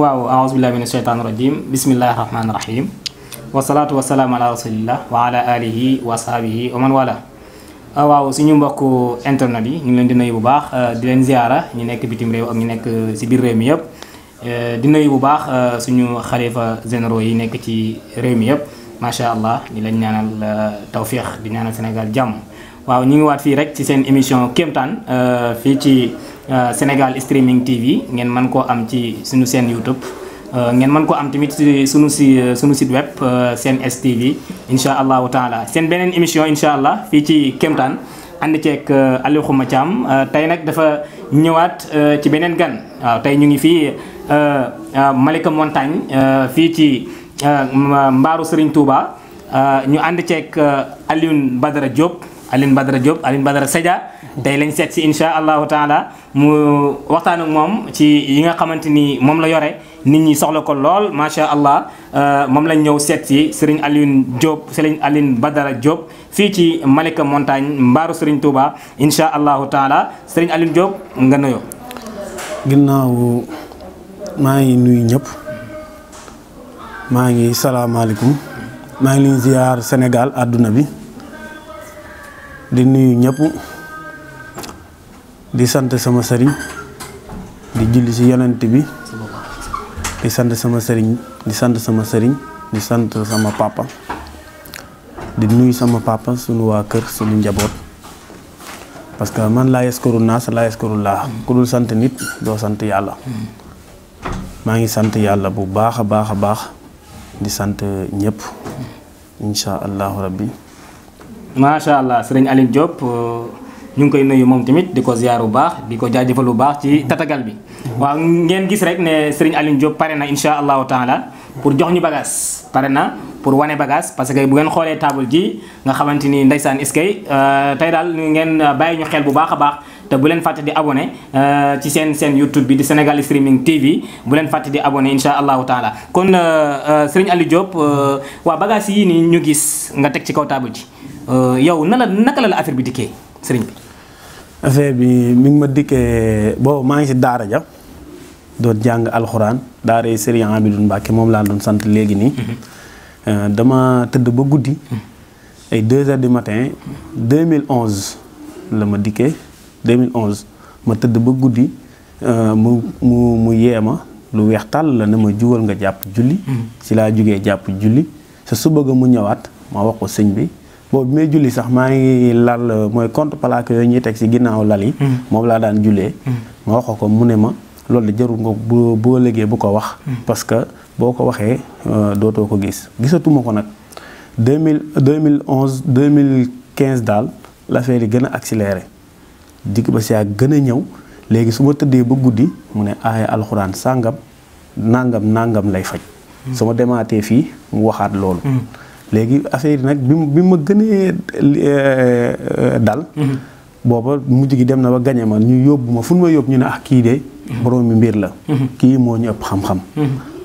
وأعوذ بالله من الشيطان الرجيم بسم الله الرحمن الرحيم والصلاة والسلام على رسول الله وعلى آله وصحبه ومن والاه أو سنيوم بكو إنترنتي نلين دنيو باخ دلين زيارة نينك بيتم ريو نينك سبير ريميب دنيو باخ سنيو خليفة زنروي نينك تي ريميب ما شاء الله نلين نانا التوفيق دنيانا سنغال جامو waaw ñu ngi waat fii rek ci seen émission kéemtaan euh, fii ci euh, Sénégal streaming TV ngeen man koo am ci seen YouTube euh, ngeen man ko am tamit ci sunu si sunu site web seen STV insha allah taala seen beneen émission insha allah fii ci kéemtaan ànd ceeg Aliou Khouma Thiam tey nag dafa ñëwaat ci beneen gan waaw tey ñu ngi fii Malika Montagne fii ci mbaaru Serigne Touba ñu ànd ceeg Alioune Badara Diop Aline Badara Diop Aline Badara Sadia tey lañ seet si insha allahu taala mu waxtaan ak moom ci yi nga xamante ni moom la yore nit ñi soxla ko lool allah euh, moom lañ ñëw seet si Serigne Alioune Diop Serigne Aline Badara Diop fii ci Malika Montagne mbaaru Serigne Touba insha allahu taala Serigne Alioune Diop nga nuyoo. ginnaaw maa ngi nuyu ñëpp ma ngi salaamaaleykum ma ngi ziar Senegal àdduna bi. di nuyu ñëpp di sant sama sëriñ di julli ci yonent bi di sant sama sëriñ di sant sama sëriñ di sant sama papa di nuyu sama papa sunu waa kër sunu njaboot parce que man laa yaskuru naas laa yaskuru laa ku dul sant nit doo sant yàlla maa ngi sant yàlla bu baax a baax a baax di sant ñëpp incha allahu rabbi macha allah sëriñ Aline Diop euh, ñu ngi koy nuyu moom tamit di ko ziar bu baax di ko jaajëfal bu baax ci tatagal bi. waaw ngeen gis rek ne sëriñ Aline Diop pare na incha allahu taala pour jox ñu bagage pare na pour wane bagage parce que bu ngeen xoolee table ji nga xamante ni ndeysaan iskay euh, tey daal ngeen bàyyi ñu xel bu baax a baax. te bu leen fàtte di abonné euh, ci seen seen YouTube bi di Sénégal streaming TV bu leen fàtte di abonné incha allahu taala kon Serigne Aliou Diop waa bagage yii nii ñu gis nga teg ci kaw table ji Euh, yow nan la naka la la affaire bi dikkee sëriñ bi. affaire bi mi ngi ma dikkee boobu maa ngi si daara ja doon jàng alxuraan daara yi sëriñ Amidou Mbacke moom laa doon sant léegi nii. Mhm. Euh, dama tëdd ba guddi. Mhm. ay 2 heures du matin 2011 la ma dikkee 2011 ma tëdd ba guddi euh, mu mu mu yee ma lu weex tàll la ne ma jugal nga jàpp julli. si mhm. laa jugee jàpp julli sa su bëgg mu ñëwaat ma wax ko sëñ bi. boobu bi may julli sax maa ngi lal euh, mooy contre plaque yooyu ñuy teg si ginnaaw lal yi. Hmm. moom laa daan jullee. Hmm. ma wax ko mu ne ma loolu jarul nga boo légee bu ko wax. Hmm. parce que boo ko waxee euh, dootoo ko gis gisatuma ko nag deux mille deux mille onze deux mille quinze daal l'affaire yi gën a accéléré digg ba si ak gën a ñëw léegi su ma tëddee ba guddi mu ne aaya alxuraan sàngam nàngam nàngam lay faj. su ma demaatee fii mu waxaat loolu. lagi affaire yi bim bi ma gënee euh, euh, dal mm-hmm. booba mujj gi dem na ba ma ñu York ma fu nu ma yóbbu ñu ne ah kii de mm-hmm. borom mi mbir la mm-hmm. kii moo ñu ëpp xam-xam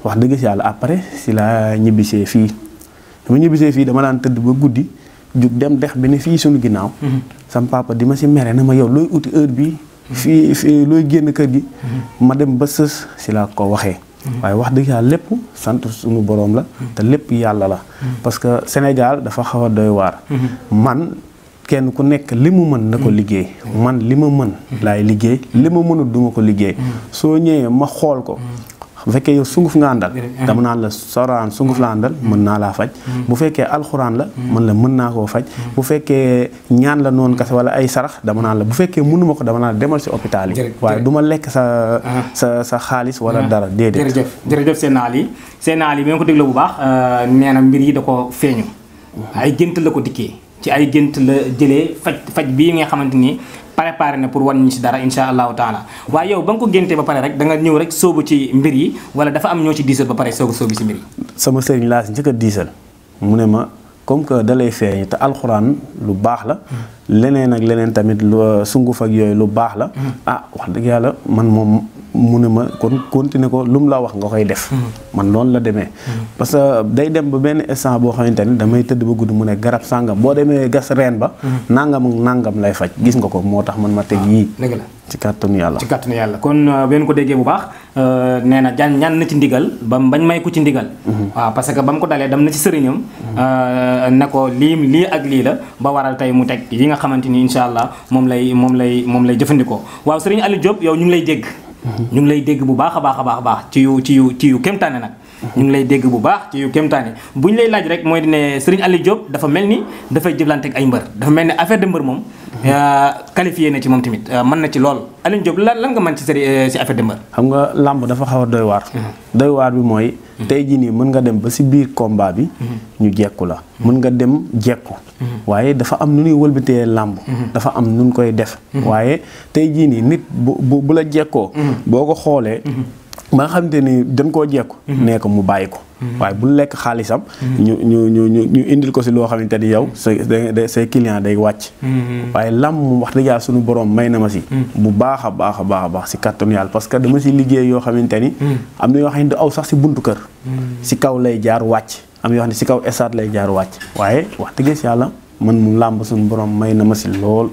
wax dëgg si yàlla après si laa ñibbisee fii dama ñibbisee fii dama daan tëdd ba guddi jug dem dex suñu sam papa na ma yow uti heure bi fi fii looy génn kër gi ma dem ba sës ko Mm-hmm. waaye wax dëgg yàlla lépp sant suñu boroom la te lépp yàlla la mm-hmm. parce que Sénégal dafa xaw a doy waar mm-hmm. man kenn ku nekk li mu mën na ko liggéey man li ma mën laay liggéey li ma mënul duma ko liggéey soo ñëwee ma xool ko bu fekkee yow sunguf nga àndal dama naan la soraan sunguf la àndal mën naa laa faj mm-hmm. bu fekkee alxuraan la mm-hmm. mën la mën naa koo faj mm-hmm. bu fekkee ñaan la noonu kase wala ay sarax dama naan la bu fekkee mënuma ko dama naan la demal si hôpital yi waaye duma lekk sa ah. sa sa xaalis wala ah. dara déedéet jërëjëf jërëjëf seen naal yi seen naal yi bi nga ko dégloo bu baax euh, nee na mbir yi da ko feeñu ay gént la ko dikkee ci ay gént la jëlee faj faj bii nga xamante ni préparé na pour wan ñu si dara insha allahu taala waaye yow ba nga ko géntee ba pare rek da nga ñëw rek soobu ci mbir yi wala dafa am ñoo ci diisal ba pare soog a soobu si mbir yi sama sëriñ laa si njëkk a diisal mu ne ma comme que da lay feeñ te alxuraan lu baax la leneen ak leneen tamit lu sunguf ak yooyu lu baax la mm-hmm. ah wax dëgg yàlla man moom mu ne ma kon continuer ko lu la wax nga koy def. Mm-hmm. man noonu la demee. Mm-hmm. parce que day dem ba benn instant boo xamante ni damay tëdd ba gudd mu ne garab sàngam boo demee gas reen ba. Mm-hmm. nangam ak nangam lay faj gis nga ko moo tax man ma teg yii. dëgg la ci kàttanu yàlla. ci kàttanu yàlla kon euh, benn ko déggee bu baax euh, nee na jaan ñaan na ci ndigal ba bañ may ko ci ndigal. waaw parce que ba mu ko dalee dem na ci sëriñam. Euh, ne ko lii lii ak lii la ba waral tey mu teg yi nga xamante ni incha allah moom lay moom lay moom lay jëfandikoo waaw sëriñ Aliou Diop yow ñu ngi lay dégg bu baax a baax a baax ci yu ci yu ci yu kéemtaane nag. ñu ngi lay dégg bu baax ci yu kéemtaane bu ñu lay laaj rek mooy ne Serigne Aliou Diop dafa mel ni dafay jëflante ak ay mbër dafa mel ni affaire de mbër moom mhm. euh, qualifié na ci moom tamit euh, mën na ci lool Aliou Diop lan lan nga mën ci sëri si euh, affaire de mbër xam nga làmb dafa xaw a doy waar mhm. doy waar bi mooy mhm. tey jii nii mën nga dem ba si biir combat bi ñu jekku la mën nga dem jekku waaye dafa am nu ñuy wëlbatee làmb dafa am nu ñu koy def waaye tey jii nii nit bu bu la jekkoo ba nga xamante ni dañ koo jekku mhm. nee ko mu bàyyi ko mhm. waaye bu lekk xaalisam mhm. ñu ñu ñu ñu ñu indil ko si loo xamante ni yow sa say client day wàcc waaye lam moom wax dëgg yàlla suñu borom may na ma si bu baax a baax a baax a baax si kàttanu yàlla parce que dama si liggéey yoo xamante ni am na yoo xam ne du si buntu kër si kaw lay jaar wàcc am yoo xam ne si kaw estade lay jaar wàcc waaye wax dëgg yàlla man mu làmb suñu may na ma si lool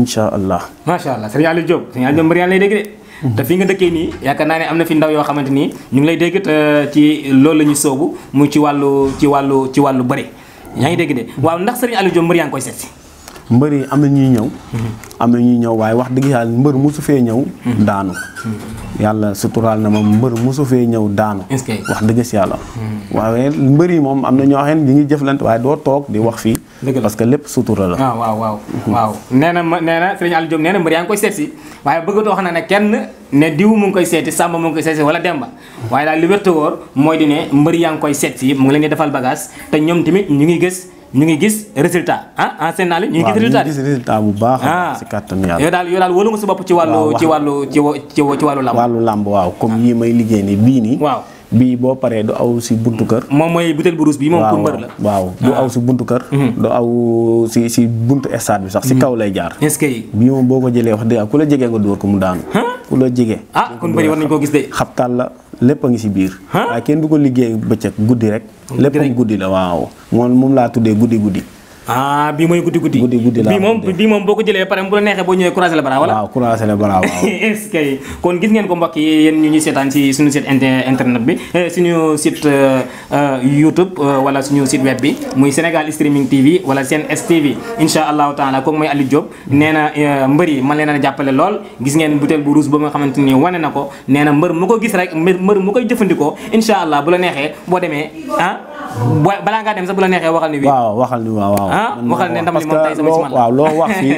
incha allah macha allah sëñ Aliou Diop sëñ Aliou Diop lay dégg de te fi nga dëkkee nii yaakaar naa ne am na fi ndaw yoo xamante ni ñu ngi lay dégg te euh, ci loolu la ñuy soobu mu ci wàllu ci wàllu ci wàllu bëri ñaa ngi dégg de waaw ndax sëriñ Aliou Diop mbër ngi koy set si mbeur yi am na ñuy ñëw am na ñuy ñëw waaye wax dëgg yàlla mbër musu fee ñëw daanu yàlla suturaal na ma mbër musu fee ñëw daanu wax dëgg si yàlla hmm. waaye mbër yi moom am na ñoo ngi jëflante waaye doo toog di wax fii parce que lépp sutura la ah, waaw waaw waaw hmm. waaw nee na nee na sëriñ Aliou Diop nee na mbër yaa ngi koy seet si waaye bëggatoo wax na ne kenn ne diw mu ngi koy seeti sàmba mu ngi koy seeti wala demba waaye daal li wérte wóor mooy di ne mbër yaa koy seet mu ngi leen di defal bagage te ñoom tamit ñu ngi gis ñu ngi gis résultat ah enseigne naa leen ñu ngi gis résultat gis résultat bu baax ah. si kàttanu yàlla yow daal yow daal wóolu nga sa bopp ci wàllu ci wàllu ci ci wàllu làmb wàllu làmb waaw ah. comme yii may liggéey ni bii nii waaw bii boo paree du aw si buntu kër moom mooy butéel bu ruus bi moom pour mbër la waaw du ah. aw si buntu kër mm-hmm. du aw si buntu stade bi sax si mm-hmm. kaw lay jaar bii moom boo ko jëlee wax dëgg ku la jegee nga dóor ko mu daanu ku la jegee ah kon bëri war nañ koo gis de xabtal la lépp a ngi si biir. waaye kenn du ko liggéey bëccëg guddi rek. lépp guddi la waaw. moom mun laa tuddee guddi guddi. ah bi mooy guddi guddi guddi guddi moom bii moom boo ko jëlee pare bu la neexee boo ñëwee croiser le bras wala waaw croiser le gis ngeen ko mbokk ñu ñuy seetaan si suñu site internet bi eh, suñu site eh, eh, YouTube wala suñu site web bi muy Sénégal streaming TV wala seen STV insha allahu taala kooku mooy Aliou Diop nee na mbër yi ma leen a jàppale lool gis ngeen buteel bu ruus ba nga xamante ni wane na ko nee na mbër mu ko gis rek mbër mu koy jëfandikoo insha allah bu la neexee boo demee ah balaa ngaa dem sa ya, bu la neexee waxal ni wii. waaw waxal ni waaw waaw. ah waxal ne ndam li moom tey sama ci man waaw loo wax fii.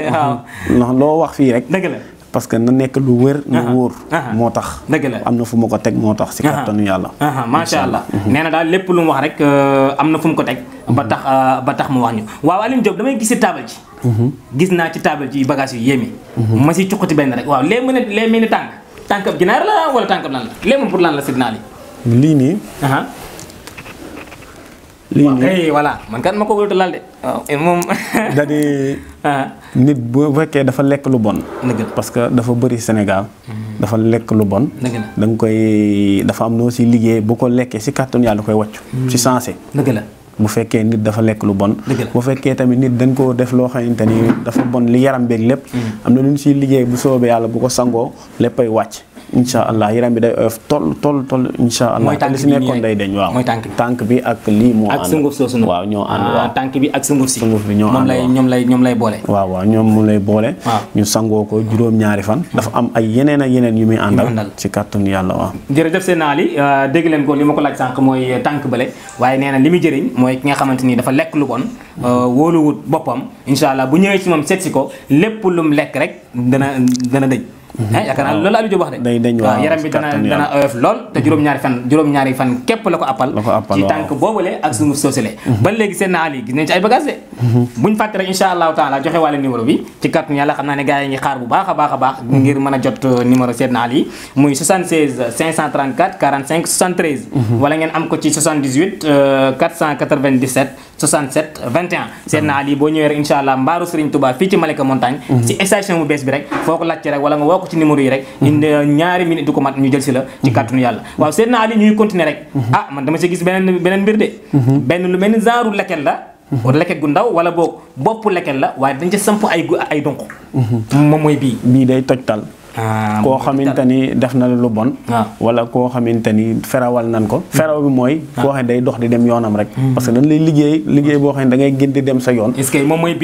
waaw loo wax fii rek. dëgg la. Ya? parce que na nekk lu wér na wóor moo tax la ya? am fu ma ko teg moo tax si kattanu yàlla macha allah mhm. nee na daal lépp lu mu wax rek euh, am na fu mu ko teg ba tax mhm. euh, ba tax mu wax ñu waaw Alioune Diop damay gis si taabal ji mhm. gis naa ci taabal ji bagage yu yéeme ma si cuqati benn rek waaw la wala pour lan la signal lii nii voilà man ma ko wërtu laal de. moom. da di ah. nit bu fekkee dafa lekk lu bon. parce que dafa bëri Sénégal. Mhm. dafa lekk lu bon. da nga koy dafa am noo si liggéey bu ko lekkee si kàttan yàlla da koy wàcc. si mhm. sensé. dëgg la. bu fekkee nit dafa lekk lu bon bu fekkee tamit nit dañ koo def loo xamante ni dafa bon li yaram beeg lépp mhm. am na lu ñu siy liggéey bu soobee yàlla bu ko sangoo léppay wàcc incha allah yaram bi day oyof toll toll toll incha allah. mooy bi si nekkoon day deñ waaw. mooy tànk bi tànk bi ak lii moo. ànd ak sunguf soosu waaw ñoo ah, tànk bi ak sunguf si. bi ñoo ñoom lay ñoom lay boole. waaw ñoom mu lay boole. ñu sangoo ko juróom-ñaari fan. dafa am ay yeneen a yeneen yu muy àndal. ci kàttanu yàlla waaw. def seen naal li euh, dégg leen ko li ma ko laaj sànq mooy tànk ba bële waaye nee na li muy jëriñ mooy ki nga xamante ni dafa lekk lu bon euh, wóoluwut boppam incha allah bu ñëwee si moom seet si ko lépp lum lekk rek dana dana dëj Eh, yaakaar naa loolu Aliou Diop wax yaram bi dana dana lool te mhm. juróom-ñaari fan juróom la ko appal ci tànk boobule ak mhm. sunguf soosale mhm. ba léegi seen na ali ngi xaar bu baax a baax a baax ngir mën a jot euh, numéro seen euh, na ali boo ñëwee rek insha allah mbaaru Serigne Touba fii ci Malika Montagne ci station bu bees bi rek foo ko laajte rek wala nga woo ko ci numéro yi rek mhm. euh, ñaari minute du mat ñu jël si la ci mhm. yàlla waaw Seydina Ali ñuy continuer rek mhm. ah man dama si gis beneen beneen benn lu mel ni genre leket la wala leket gu ndaw wala boog bopp leket la waaye dañ ca samp ay ay donk moom mooy bii bii day tojtal Euh, koo xamante ni def na lu bon. Ah. wala koo xamante ni ferawal nan ko. Hmm. feraw bi mooy. Ah. koo xam day dox di dem yoonam rek. Hmm. parce que dañ lay liggéey liggéey boo xam ne da ngay gën di dem sa yoon. est-ce que moom mooy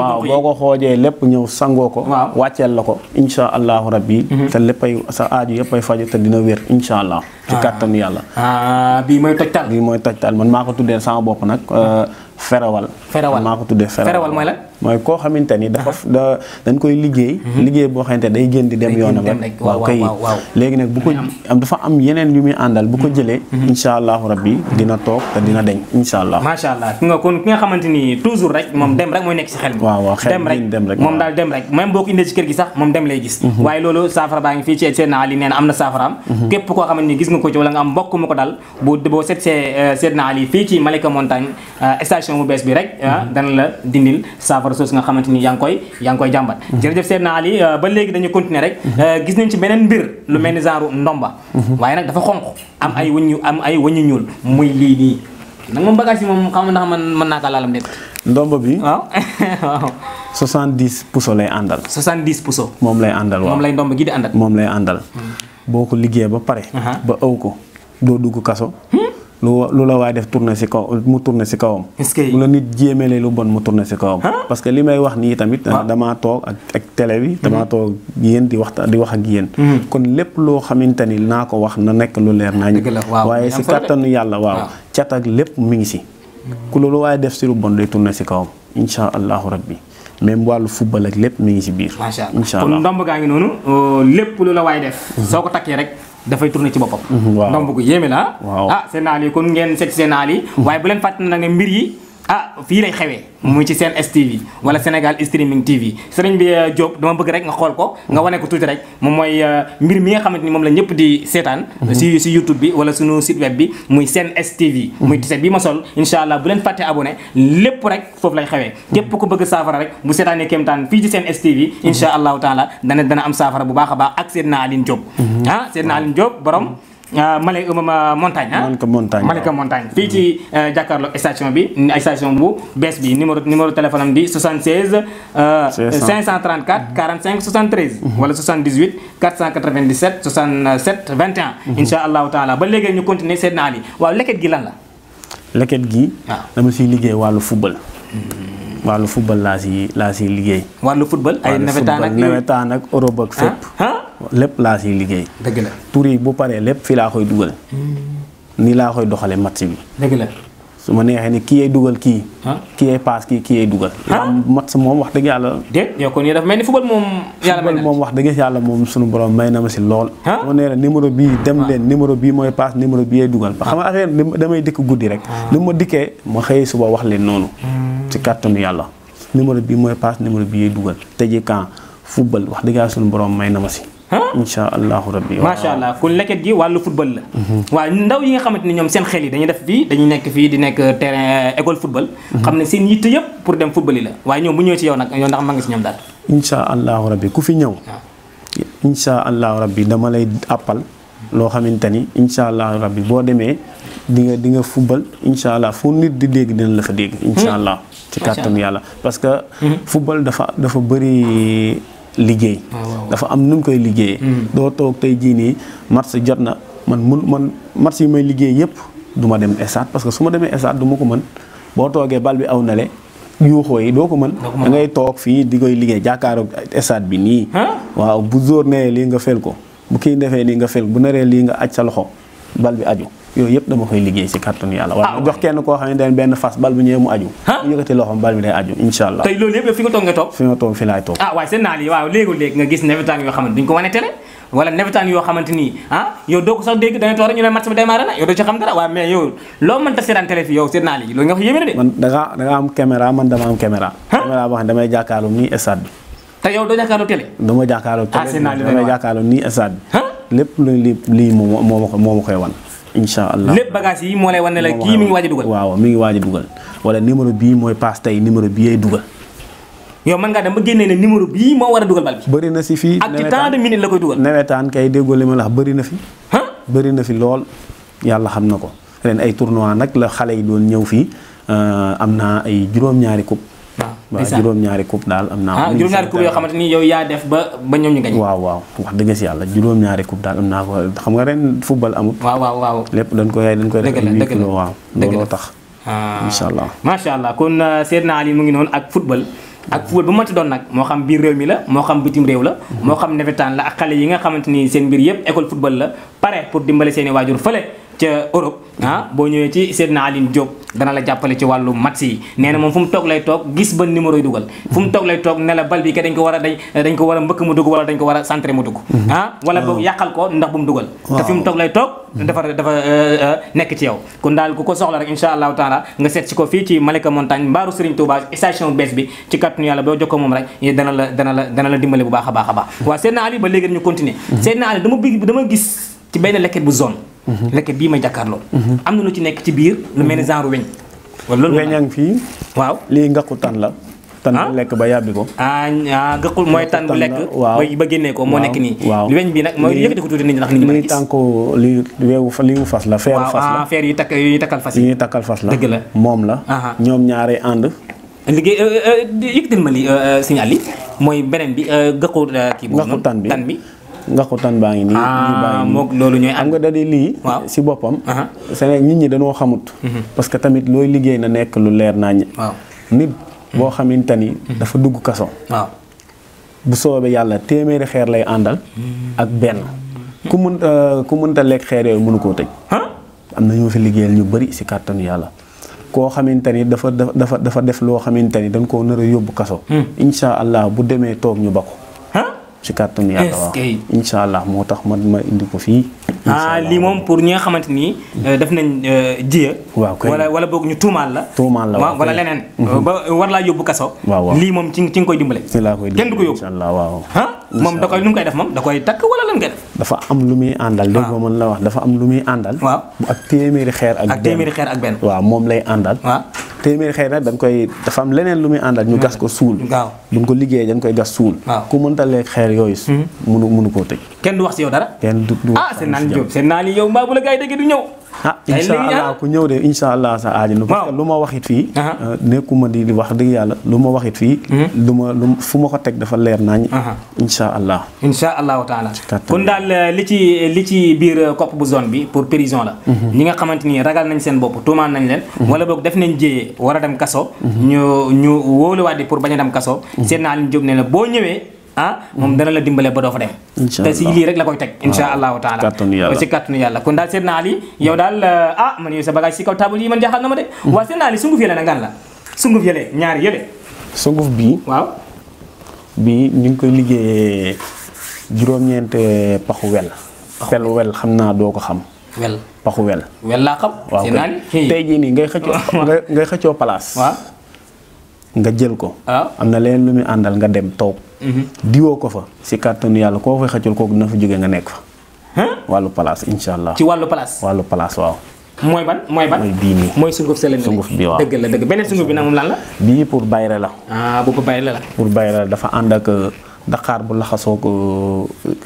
waaw boo ko xoojee lépp ñëw sangoo ko. wàcceel la ko incha allahu rabbi. Hmm. te léppay sa aaju yëppay faju te dina wér incha allah. ci ah. kàttanu yàlla. bii mooy tojtal. bii mooy tojtal man maa ko tuddee sama bopp nag. Euh, ferawal. ferawal maa ko tuddee ferawal mooy la. mooy koo xamante ni dafa ah. da dañ koy liggéey mm-hmm. liggéey boo xamante day génn di dem yoonam rek waaw kay léegi nag bu ko dafa am yeneen yu muy àndal bu ko mm-hmm. jëlee mm-hmm. insha allahu rabbi dina toog te dina deñ insha allah macha allah ki nga kon ki nga xamante ni toujours rek moom dem rek mooy nekk si xel bi waaw waaw xel bi dem rek moom daal dem rek même boo ko indee ci kër gi sax moom dem lay gis waaye loolu saafara baa ngi fii ci Seydina Ali nee na am na saafaraam képp koo xamante ni gis nga ko ci wala nga am mbokk mu ko dal bu eh, eh, bees bi rek eh, dana la dindil saafara saafara soosu nga xamante ni yaa ngi koy yaa ngi koy jàmbat mhm. jërëjëf Seydina Ali euh, ba léegi dañu continuer rek mhm. euh, gis nañ ci lu mhm. mel ni genre ndomba waaye nag dafa xonq am ay wëññu am ay wëññu ñuul muy lii nii nag moom bagage yi moom xam ndax man mën naa ko laalam déet ndomba bi waaw waaw 70 puso lay àndal 70 puso moom lay àndal waaw moom lay ndomba gi di àndal moom lay àndal boo ko liggéey ba pare ba ëw ko doo dugg kaso hmm? lu lu la waay def tourné ci kaw mu tourné ci kawam. lu la nit jéemele lu bon mu tourné ci kawam. parce que li may wax nii tamit. damaa toog ak ak télé bi. Mhm. damaa toog yéen di waxta di wax ak yéen. Mhm. kon lépp loo xamante ni naa ko wax na nekk lu leer naa nañ waaye si kattanu yàlla waaw. cat ak lépp mu ngi si mhm. ku loolu waaye def si lu bon day tourné si kawam incha allahu bi même wàllu football ak lépp mi ngi si biir. macha allah kon ndomb gaa ngi noonu euh, lépp lu la waay def. soo dafay tourner ci boppam. Mhm, waaw ndomb gu yéeme la ah. seen naal yi kon ngeen seet seen naal mhm. waaye bu leen fàtte nag ne mbir yi ah fii lay xewee. Mhm. muy ci seen STV wala Sénégal streaming TV sëriñ bi euh, Diop dama bëgg rek nga xool ko nga wane ko tuuti rek moom mooy euh, mbir mi nga xamante ni moom la ñëpp di seetaan. si si YouTube bi wala suñu site bi muy seen STV. muy tiset bi ma sol incha allah bu leen fàtte abonné lépp rek foofu lay xewee. képp ko bëgg saafara rek bu seetaanee kéemtaan fii ci seen STV. incha allahu taala dana dana am saafara bu baax a baax ak seen naa Aline Diop. ah Seydina Alioune Diop borom. Ah, Malay montagne ah. Malika montagne Malika montagne. Mm-hmm. fii ci eh, jàkkaarloog station bi station bu bees bi numéro numéro téléphone am di 76. 534 45 73. wala 78 497 67 21. incha allahu taala ba léegi ñu continuer Seydina Ali waaw leket gi lan la. leket gi. waaw ah. dama siy liggéey wàllu football. Mm-hmm. wàllu football laa si laa siy liggéey. wàllu football ay nawetaan ak nawetaan ak Europe ak ah, fépp. Ah. lépp laa siy liggéey. dëgg la tur yi bu paree lépp fii laa koy dugal. Hmm. nii laa koy doxalee match bi. su ma neexee ni kii yee dugal kii. Ah. kii yee paas kii kii yee dugal. Ah. mat sa moom wax dëgg yàlla. déet yow kon dafa mel ni football moom. yàlla moom wax dëgg yàlla moom sunu borom may na ma si lool. Ah. ma ne la numéro bii dem leen numéro bii mooy paas numéro bii yee dugal. xam nga affaire damay dikk guddi rek. ni ma dikkee ma xëy suba wax leen noonu. ci hmm. kàttanu yàlla. numéro bi mooy paas numéro bi yee dugal. tëjee camp football wax dëgg yàlla sunu borom may na ma si. incha allahu rabbi macha allah kon leket gi wàllu football la mhm. waaw ndaw yi nga xamante ni ñoom seen xel yi dañuy def fii dañuy nekk fii di nekk euh, terrain euh, école football mhm. xam ne seen yitte yëpp pour dem football yi la waaye ñoom bu ñëwee ci yow nag yow ndax ma nga ci ñoom daal incha allahu rabbi ku fi ñëw incha allahu rabbi dama lay àppal loo xamante ni incha allahu rabbi boo demee dinga nga di nga football incha allah fu nit di dégg dina la fa dégg incha hmm. allah ci kàttanu yàlla parce que hmm. football liggéey ah, dafa am nu koy liggéeyee hmm. doo toog tey jii nii match jot na man mun man match yu may liggéey yëpp du ma dem stade parce que su ma demee stade du ma ko mën boo toogee bal bi aw na le yuuxoo yi doo ko mën da ngay toog fii di koy liggéey jàkkaaru stade bi nii waaw bu zóor nee lii nga fel ko bu kii defee nii nga fel bu naree lii nga aj sa loxo bal bi aju yooyu yëpp dama koy liggéey si kàttanu yàlla wala ah, jox kenn koo xam ne damay jàkkaarloo nii stade bi ah, lépp lu lii lii moo ma ko moo ma koy wan incha allah lépp bagage yi moo lay wan ne la kii mi ngi waaj dugal. waaw mi ngi waaj a dugal wala numéro bii mooy paas tey numéro bii ay dugal. yow man ngaa dem ba génnee ne numéro bii moo war a dugal bal bi. bëri na si fii ak ci temps de minute la koy dugal. nawetaan kay déggoo li ma la wax na fi. bëri na fi lool yàlla xam na ko ren ay tournoi nag la xale yi doon ñëw fii euh, am na ay juróom-ñaari coupe waaw juróom-ñaari coupe daal am naa. ah juróom-ñaari coupe yoo xamante ni yaa def ba ba ñoom ñu gañ. waaw waaw wax dëgg si yàlla juróom-ñaari coupe daal am naa ko xam nga ren football amut. waaw waaw waaw lépp dañ koy dañ koy def. dëgg la waaw looloo tax. Ah. incha allah macha allah kon euh, Seydina mu ngi noonu ak football. ak football bu ma ci doon nag moo xam biir réew mi la moo xam bitim réew la mhm. moo xam nawetaan la ak xale yi nga xamante ni seen mbir yëpp école football la pare pour dimbale seeni waajur ca Europe ah boo ñëwee ci Seydina Aline Diop dana la jàppale ci wàllu match yi nee na moom fu mu toog lay toog gis ba numéro yi dugal fu mu toog lay toog ne la bal bi ke dañ ko war a dañ dañ ko war a mbëkk mu dugg wala dañ ko war a centré mu dugg mhm. ah wala boog yàqal ko ndax mu dugal te fi mu toog lay toog dafa dafa euh, euh, nekk ci yow kon daal ko soxla rek insha allahu taala nga seet si ko fii ci Malika Montagne mbaaru Serigne Touba station bees bi ci kàttanu yàlla boo jokkoo moom rek dana la dana la dana la dimbale bu baax a baax a baax mhm. waaw Seydina Ali ba léegi ñu continuer mhm. Seydina Ali dama dama gis ci benn lekket bu zone lekket mhm. bii ma jàkkaarloo. Mhm. am na lu ci nekk ci biir lu mel ni mhm. genre weñ. wala loolu fii. waaw lii ngaqu tan la. tan ah? bu lekk ba yàbbi ko. ah, ah ngaqul mooy tan bu waaw ba génnee ko moo nekk nii. waaw weñ bi nag mooy yëkkati ko tuuti nit ñi ndax nit ñi mën a gis. fas la. feeru fas la ah, feer yu takk yu takkal fas yi. yu takkal fas la dëgg la moom la. ñoom ñaare ànd. liggéey euh, euh, euh, yëkkatil ma li signal yi mooy beneen bi gëqu kii boobu noonu tan bi ngaxutaan baa ngi nii. moo ah, moog loolu ñooy am nga da di lii. si boppam. c'est nit ñi dañoo xamut. Mhm. parce que tamit looy liggéey na nekk lu leer naññ. waaw nit boo xamante ni. Mhm. dafa dugg kaso. waaw bu soobee yàlla téeméeri xeer lay àndal. Mhm. ak benn. ku mun euh, ku mënta lekk xeer yooyu mënu koo tëj. am na ñoo fi liggéeyal ñu bari si kàttanu yàlla. koo xamante ni dafa dafa dafa def loo xamante ni dañ koo nar a yóbbu kaso. Hmm. incha allah bu demee toog ñu ba ko ci kàttanu yàlla waaw incha allah moo tax man ma indi ko fii. ah lii moom pour ñi nga xamante ni. Euh, def nañ euh, jiya. waaw kay wala wala boog ñu tuumaal la. tuumaal la waaw wala leneen. Mhm. ba war laa yóbbu kaso. waaw lii moom ci ci nga koy dimbale. ci laa koy dimbale incha allah waaw kenn du ko yóbbu. moom da koy lu mu koy def moom da koy takk wala lan ngay def. dafa am lu muy àndal. waaw dégg mën la wax dafa am lu muy àndal. waaw ak téeméeri xeer ak. ak téeméeri xeer ak benn. waaw moom lay àndal. waaw téeméer xëy na dañ koy dafa am leneen lu muy àndal ñu gas ko suul waaw buñ ko liggéeyee dañ koy gas suul ku mënta lekk xeer yooyu hmm. munu munu koo tëj kenn du wax si yow dara kenn du ah seen naa ni yow mbaa bu la gars yi dégg du ñëw ah incha allah ah. ku ñëw de incha allah sa aaji na parce que lu ma waxit fii ah. euh, nekkuma di wax dëgg yàlla lu ma waxit fii hmm. lu ma lu fu ma ko teg dafa leer naañ ah. incha allah incha allahu taala kon daal euh, li ci li ci biir euh, kopp bu zone bi pour prison la hmm. ñi nga xamante ni ragal nañ seen bopp tuumaan nañ leen hmm. wala boog def nañ jéyee war a dem kaso ñu ñu wóoluwaat di pour bañ a dem kaso seen naa leen jóg ne la boo ñëwee ah moom dana la dimbale ba doo fa dem te si lii rek la koy teg insha allahu taala si kàttanu yàlla kon daal Seydina Ali yow daal ah man yow sa bagage si kaw table yi man jaaxal na ma de waa Seydina Ali sunguf yële nag ngan la sunguf yële ñaari yële sunguf bii waaw bii ñu ngi koy liggéeyee juróom-ñeent paxu wel pel wel xam naa doo ko xam wel paxu wel wel laa xam waaw tey jii nii ngay ngay place nga jël ko am leen lu muy àndal nga dem Mm-hmm. diwoo ko fa si kàttanu yàlla koo fay xëccal kooku dina fa jógee nga nekk fa. wàllu place incha allah. ci wàllu place. wàllu place waaw. mooy ban mooy ban bii nii. mooy sunguf sële sunguf bi waaw la dëgg beneen sunguf bi nag moom lan bii pour bayre la. ah ko bayre la. pour bayre la dafa ànd ak euh, daqaar bu laxasoo ko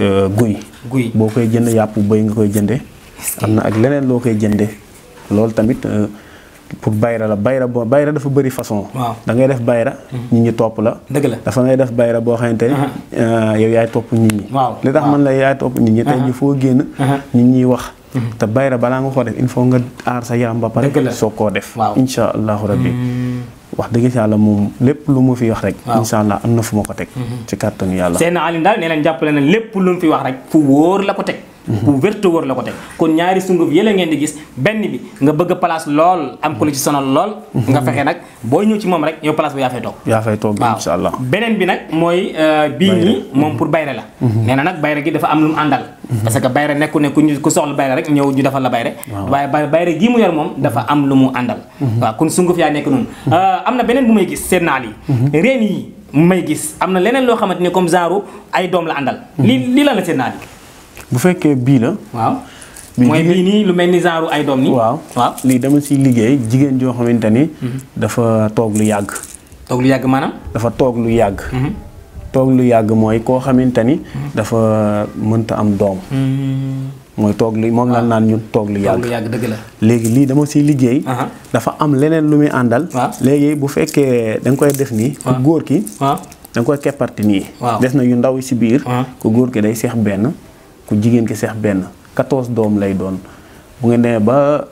euh, guy. guy boo koy jënd yàpp bëy nga koy jënde am na ak leneen loo koy jënde loolu tamit euh, pour bayra la bayra boo bayra dafa bëri façon. waaw da ngay def bayra. Mhm. nit ñi topp la. dëgg la dafa ngay def bayra boo xamante ni. Euh, yow yaay topp nit ñi. waaw li tax man la yaay topp nit ñi. tey ñu foo génn. nit ñi wax. Mhm. te bayra balaa nga ko def il faut nga aar sa yaram ba pare. dëgg la soo koo def. waaw incha allahu rabbi. Mhm. wax dëgg yàlla moom lépp lu mu fi wax rek. waaw incha am na fu ma ko teg. ci kàttanu yàlla. seen Alioune daal nee leen jàppale na lépp lu mu fi wax rek. fu wóor la ko teg. bu wérta wóor la ko teg kon ñaari sunguf yële ngeen di gis benn bi nga bëgg a place lool am ko lu ci sonal lool nga mhm. fexe nag booy ñëw ci moom rek yow place bu yaa fay toog yaa fay toog allah beneen bi nag mooy euh, bii ñi moom mhm. pour bayre la mhm. nee na nag bayre gi dafa am lu mu àndal parce que bayre nekku ne ku ñu soxla bayre rek ñëw ñu defal la bayre waaye bayre gii mu yor moom dafa am lu mu àndal waaw kon sunguf yaa nekk noonu euh, am na beneen bu may gis seen naal yi reen yi may gis am na leneen loo xamante ni comme genre ay doom la àndal li li la la seen bu fekkee bii la. waaw mooy bii nii lu mel ni genre ay doom ni waaw waaw lii dama siy liggéey jigéen joo xamante ni. Mhm. dafa toog lu yàgg. toog lu yàgg maanaam. dafa toog lu yàgg. Mhm. lu yàgg mooy koo xamante ni. Mhm. dafa mënta am doom. mooy toog lu moom lan naan ñun toog lu yàgg. dëgg la léegi lii dama siy liggéey. dafa am leneen lu muy àndal. léegi bu fekkee da koy def nii. ku góor ki. da nga koy kepparti nii. des na yu ndaw si biir. ku góor ki day seex benn. ku jigéen ki seex benn 14 doom lay doon bu ngeen demee ba